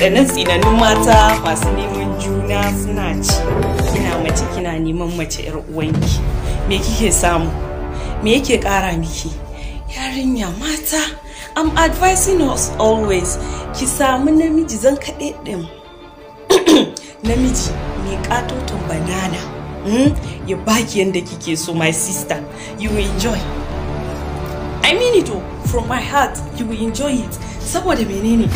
waɗannan tsinanin mata masu neman juna suna ci kina mace kina neman mace yar uwanki me kike samu me yake ƙara miki yarinya mata i'm advising us always ki samu namiji zan kaɗe ɗin namiji mai ƙatoton banana hmm? ya baki yadda kike so my sister you will enjoy i mean it all oh, from my heart you will enjoy it saboda menene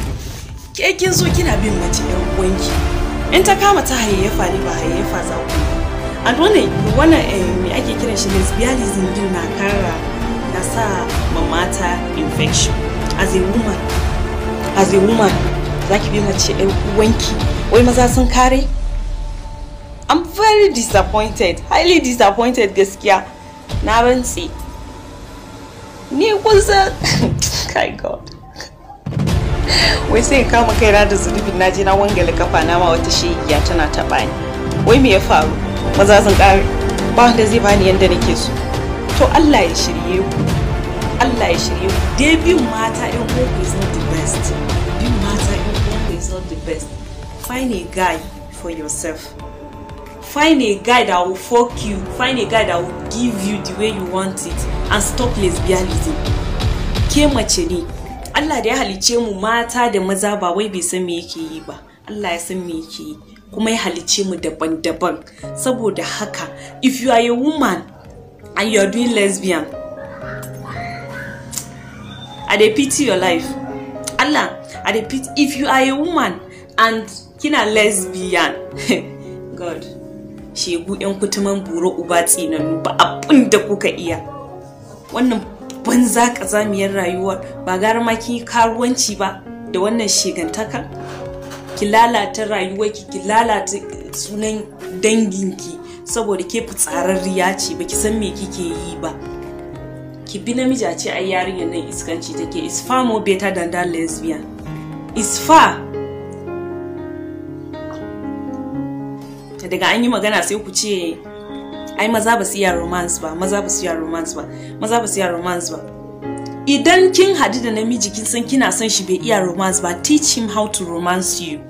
ke kin zo kina bin mace yan uwanki in ta kama ta hayayyafa ne ba hayayyafa za ku and wannan wannan eh, me ake kiran shi lesbianism din na kara na sa mamata infection as a woman as a woman za ki bi mace yan uwanki wai maza sun kare I'm very disappointed highly disappointed gaskiya na rantse ni kun san kai god wai sai kama kaina da zunubin naje na wangale kafa na ma wata shegiya tana taɓa ni wai me ya faru maza sun ƙare ba wanda zai bani yanda nake so to Allah ya shirye ku Allah ya shirye ku debut mata in koko is not the best debut mata in koko is not the best find a guy for yourself find a guy that will fuck you find a guy that will give you the way you want it and stop lesbianism ke mace ne Allah da ya halice mu mata da maza ba wai bai san me yake yi ba Allah ya san me yake yi kuma ya halice mu daban-daban saboda haka if you are a woman and you are doing lesbian I dey pity your life Allah I dey pity if you are a woman and kina lesbian God shegu 'yan kutuman buro uba tsinanu ba abin da kuka iya wannan banza ƙazamiyar rayuwar ba gara ma kin karuwanci ba da wannan shigantaka ki lalata rayuwarki ki lalata sunan danginki saboda ke fitsararriya ce ba ki san me kike yi ba ki bi namiji a ce ai yarinyar nan iskanci take is far more better than that lesbian is far daga an yi magana sai ku ce ai maza ba su iya romance ba maza ba su iya romance ba maza ba su iya romance ba idan kin hadu da namiji kin san kina son shi bai iya romance ba teach him how to romance you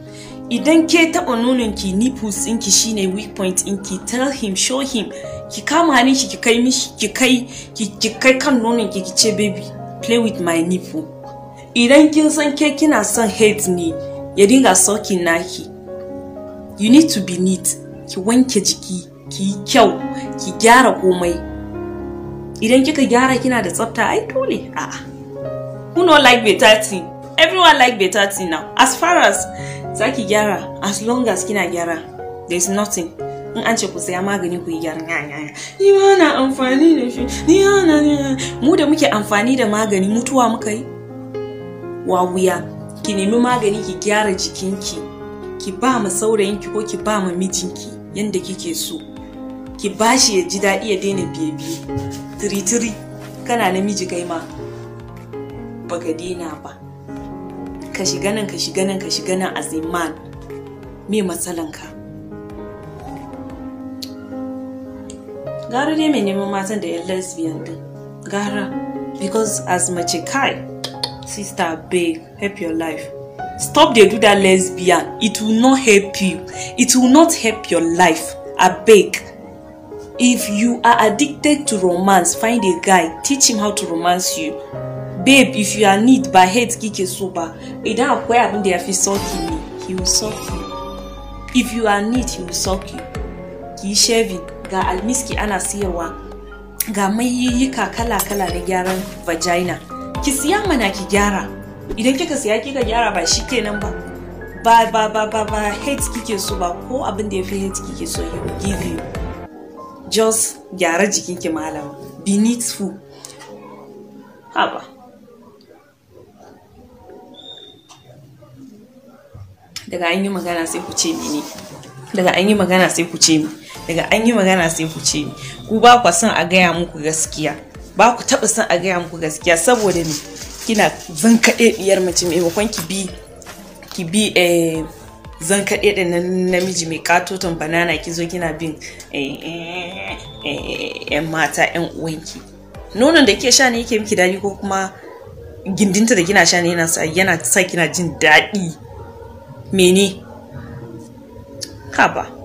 idan ke taɓa ki nipples ki shine weak point ki, tell him show him ki kama hannun shi ki kai mishi ki kai ki kai kan nononki ki ce baby play with my nipple idan kin san ke kina son head ne ya dinga soki naki you need to be neat ki wanke jiki ki yi kyau ki gyara komai idan kika gyara kina da tsafta ai dole a who no like better thing everyone like better thing now as far as za ki gyara as long as kina gyara there is nothing in an ce ku saya magani ku yi gyara. ya ya ni ma na amfani da shi ni na mu da muke amfani da magani mutuwa muka yi wa wuya ki nemi magani ki gyara jikinki ki ba ma saurayinki ko ki ba ma mijinki yanda kike so ki bashi ya ji daɗi ya daina biye-biye tiri-tiri kana namiji kai ma baka daina ba ka shiga nan ka shiga nan ka shiga nan aziman me matsalanka gara ne mai neman matan da 'yan lesbian din gara because as mace kai sister babe help your life stop dey do that lesbian it will not help you it will not help your life abeg if you are addicted to romance find a guy teach him how to romance you babe if you are need by hate kike soba idan akwai abin da ya fi soki ne he will suck you if you are need he will suck you ki shaving ga almiski ana siyarwa ga mayayyika kala-kala na gyaran vagina ki siya mana ki gyara idan kika siya kika gyara ba shi kenan ba ba ba ba ba hate kike so ba ko abin da ya fi hate kike so he will give you just gyara jikin ki malama be needful haba daga an yi magana sai ku ce mini daga an yi magana sai ku ce mi daga an yi magana sai ku ce mi ku ba ku son a gaya muku gaskiya ba ku taɓa son a gaya muku gaskiya saboda me kina zan kaɗe biyar mace maimakon ki bi ki bi eh, zan kaɗe da namiji mai katoton banana ki zo kina bin yan eh, eh, eh, mata yan uwanki nonon da ke sha ne yake miki daɗi ko kuma gindinta da kina sha ne yana sa yana jin daɗi mene haba